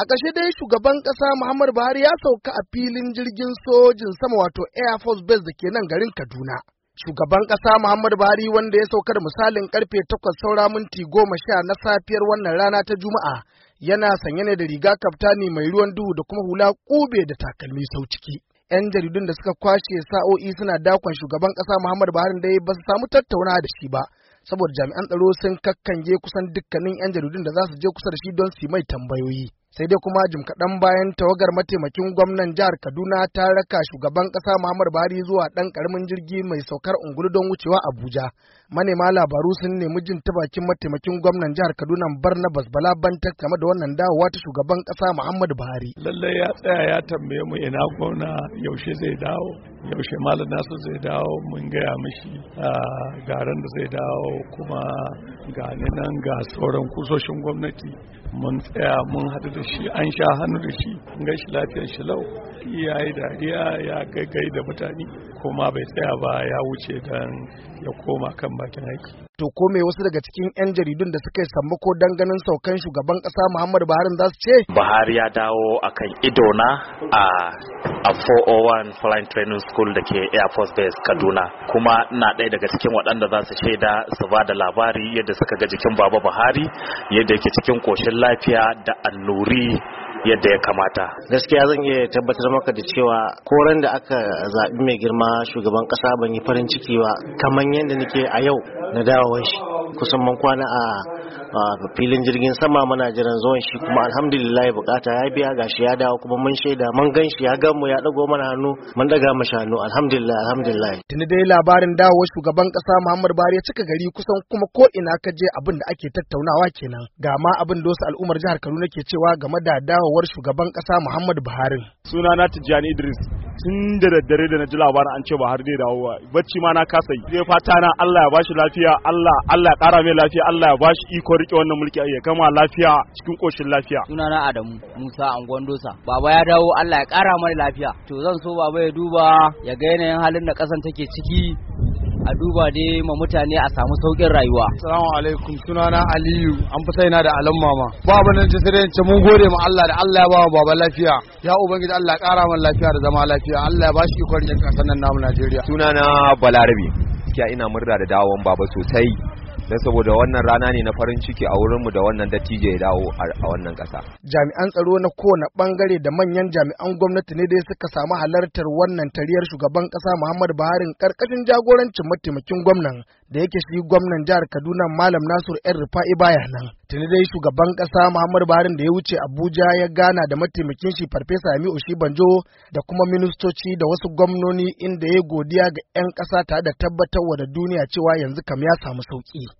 A ƙashe dai shugaban ƙasa Muhammadu Buhari ya sauka a filin jirgin sojin sama wato Air Force Base da ke nan garin Kaduna. Shugaban ƙasa Muhammadu Buhari wanda ya sauka da misalin karfe takwas saura minti goma sha na safiyar wannan rana ta Juma'a yana sanye ne da riga kaftani mai ruwan duhu da kuma hula ƙube da takalmi sau ciki. 'Yan jaridun da suka kwashe sa'o'i suna dakon shugaban ƙasa Muhammadu Buhari dai ba su samu tattauna da shi ba. Saboda jami'an tsaro sun kakkanje kusan dukkanin 'yan jaridun da za su je kusa da shi don su mai tambayoyi. sai dai kuma jim kaɗan bayan tawagar mataimakin gwamnan jihar kaduna ta raka shugaban ƙasa muhammad Bari zuwa ɗan ƙaramin jirgi mai saukar ungulu don wucewa abuja manema labaru sun nemi jin ta bakin mataimakin gwamnan jihar kaduna barnabas bala ta game da wannan dawowa ta shugaban ƙasa Muhammadu buhari lallai ya tsaya ya tambaye mu ina gwamna yaushe zai dawo yaushe malam nasu zai dawo mun gaya mishi ah, garin da zai dawo kuma ga nan ga sauran kusoshin gwamnati mun tsaya mun hadu da shi an sha hannu da shi ga shi lafiyar shi lau ya yi dariya ya gaggai da mutane kuma bai tsaya ba ya wuce don ya koma kan bakin haiki To ko me wasu daga cikin 'yan jaridun da suka yi sammako don ganin saukan shugaban kasa Muhammadu Buhari za su ce? Buhari ya dawo akan idona a a 401 Flying Training School da ke Air Force Base Kaduna kuma na ɗaya daga cikin waɗanda za su shaida su ba da labari yadda suka ga jikin Baba Buhari yadda yake cikin koshin lafiya da annuri yadda ya kamata. Gaskiya zan iya tabbatar maka da cewa koren da aka zaɓi mai girma shugaban ƙasa ban yi farin ciki ba kamar yadda nake a yau na dawowar shi kusan man kwana a filin jirgin sama muna jiran zuwan shi kuma alhamdulillah bukata ya biya gashi ya dawo kuma mun shaida mun gan shi ya gamu ya dago mana hannu mun daga mu hannu alhamdulillah alhamdulillah tuni dai labarin dawowar shugaban kasa Muhammad Buhari ya cika gari kusan kuma ko ina ka je abin da ake tattaunawa kenan ga ma abin da wasu al'ummar jihar Kaduna ke cewa game da dawowar shugaban kasa Muhammad Buhari sunana Tijjani Idris tun da daddare da na ji labarin an ce ba har zai dawo ba bacci ma na kasa yi zai fata na Allah ya bashi lafiya Allah Allah ya kara mai lafiya Allah ya bashi iko rike wannan mulki ya kama lafiya cikin koshin lafiya Suna na Adamu Musa Angondosa baba ya dawo Allah ya kara mana lafiya to zan so baba ya duba ya ga yanayin halin da kasan take ciki a duba dai ma mutane a samu saukin rayuwa. Salamu alaikum sunana Aliyu an fi saina da alamma mama. Ba abin da cikin ce mun gode ma Allah da Allah ya ba wa baba lafiya. Ya ubangiji Allah ya kara min lafiya da zama lafiya. Allah ya ba shi ikon yin kasan nan namu Najeriya. Sunana Balarabe. Gaskiya ina murna da dawon baba sosai. don saboda wannan rana ne na farin ciki a wurinmu da wannan dattijo ya dawo a wannan ƙasa. Jami'an tsaro na kowane bangare da manyan jami'an gwamnati ne dai suka samu halartar wannan tariyar shugaban ƙasa Muhammadu Buhari ƙarƙashin jagorancin mataimakin gwamnan da yake shi gwamnan jihar Kaduna Malam Nasir ‘yan Rufa'i baya nan. Tuni dai shugaban ƙasa Muhammadu Buhari da ya wuce Abuja ya gana da mataimakin shi Farfesa oshi banjo da kuma ministoci da wasu gwamnoni inda ya godiya ga ‘yan ƙasa tare da tabbatarwa da duniya cewa yanzu kam ya samu sauƙi.